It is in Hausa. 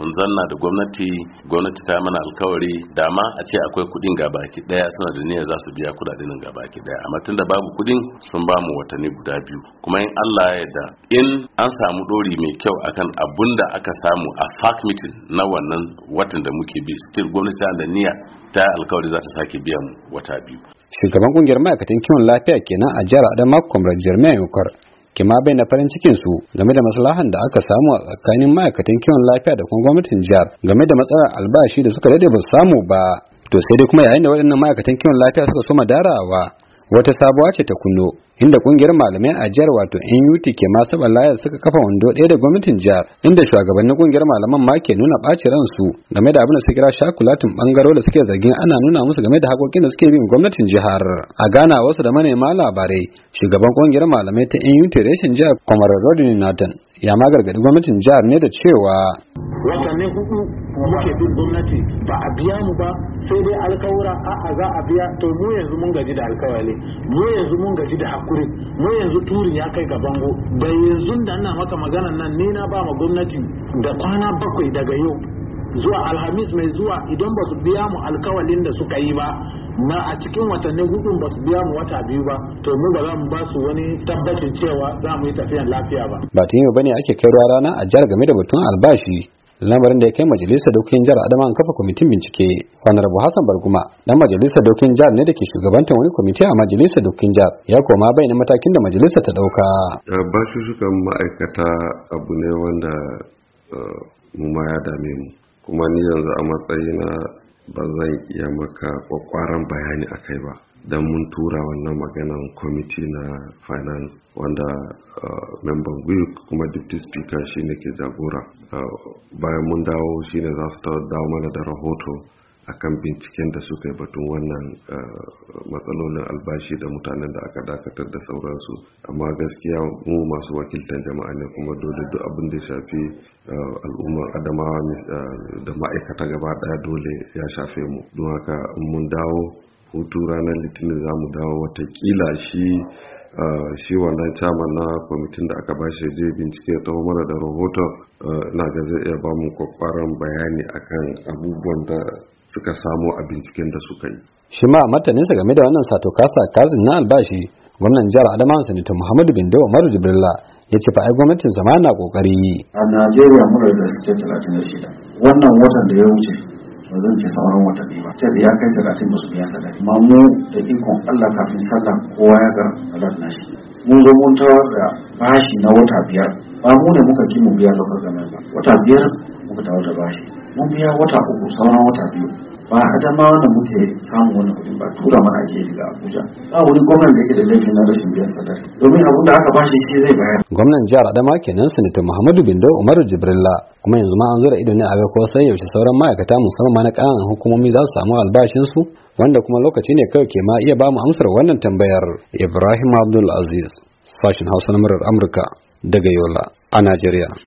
mun zanna da gwamnati gwamnati ta mana alkawari dama a ce akwai kudin gabaki daya suna da niyyar za su biya kudaden gabaki daya amma tunda babu kudin sun ba mu watanni guda biyu kuma in Allah ya yarda in an samu ɗori mai kyau akan abun da aka samu a FAC meeting na wannan watan da muke bi still gwamnati da niyya ta alkawari za ta sake biya wata biyu shugaban kungiyar ma'aikatan kiwon lafiya kenan a jihar Adamawa Comrade Jermaine Yukar ke ma bai na farin cikin su game da maslahan da aka samu a tsakanin ma'aikatan kiwon lafiya da kuma gwamnatin jihar game da matsalar albashi da suka dade ba su samu ba to sai dai kuma yayin da waɗannan ma'aikatan kiwon lafiya suka soma darawa wata sabuwa ce ta kullo inda kungiyar malamai a jihar wato NUT ke masu balaya suka kafa wando ɗaya da gwamnatin jihar inda shugabannin kungiyar malaman ma ke nuna ɓaci ransu game da abin da suke kira shakulatin bangaro da suke zargin ana nuna musu game da hakokin da suke bin gwamnatin jihar a gana wasu da manema labarai shugaban kungiyar malamai ta NUT reshen jihar Kwamar Rodney Nathan ya ma gargadi gwamnatin jihar ne da cewa watanni hudu muke bin gwamnati ba a biya mu ba sai dai alkawura a'a za a biya to mu yanzu mun gaji da alkawari mu yanzu mun gaji da hakuri mu yanzu turin ya kai ga bango da yanzu da ina maka maganan nan ni na ba ma gwamnati da kwana bakwai daga yau zuwa alhamis mai zuwa idan ba su biya mu alkawalin da suka yi ba na a cikin watanni hudun ba su biya mu wata biyu ba to mu ba za mu ba su wani tabbacin cewa za mu yi tafiyan lafiya ba ba ta yi ne ake kai rana a jihar game da batun albashi lamarin da ya kai majalisar dokokin jihar adama an kafa kwamitin bincike honorable hassan barguma dan majalisar dokokin jihar ne da ke shugabantar wani kwamiti a majalisar dokokin jihar ya koma bayyana matakin da majalisar ta dauka eh, basussukan ma'aikata abu ne wanda eh, mu ma ya dame mu kuma ni yanzu a matsayi na. ba zan iya maka kwakwaran bayani a kai ba don mun tura wannan maganan kwamiti na finance wanda uh, memban gwiw kuma deputy speaker shine ke jagora uh, bayan mun dawo shine za su dawo mana da rahoto akan binciken da suka yi batun wannan eh, matsalolin albashi da mutanen da aka dakatar da sauransu amma gaskiya mu masu wakiltar jama'a ne kuma dole duk abin da shafi eh, al'ummar adamawa eh, da ma'aikata gaba daya dole ya shafe mu don haka mun dawo hutu ranar litinin za mu dawo watakila shi shi wannan chairman na kwamitin da aka bashi je bincike ya taho mana da rahoton na ga zai iya ba mu kwakwaran bayani akan abubuwan da suka samu a binciken da suka yi shi ma martaninsa game da wannan sato kasa kazin na albashi gwamnan jihar adamawa sanita muhammadu bin dawo maru jibrila ya ce fa ai gwamnatin sama na kokari a najeriya muna da talatin da shida wannan watan da ya wuce ba zan ce sauran wata watanni ba ta ya kai talatin ba su biya sadari ma mu da ikon allah kafin sallah kowa ya ga Allah na shi mun zo mun tawar da bashi na wata biyar ba mu ne muka ki mu biya lokacin ba wata biyar muka tawar da bashi mun biya wata uku sauran wata biyu ba adamawa da muke samun wani kudi ba tura mana ake daga abuja ba wani gwamnan da ke da laifin na rashin biyan sadari domin abin da aka bashi shi zai bayar gwamnan jihar adama kenan sanata muhammadu bindo umaru jibrilla kuma yanzu ma an zura ido ne a ga ko sai yaushe sauran ma'aikata musamman ma na ƙananan hukumomi za su samu albashinsu wanda kuma lokaci ne kawai ke ma iya ba mu amsar wannan tambayar ibrahim abdul aziz sashen hausa na murar amurka daga yola a najeriya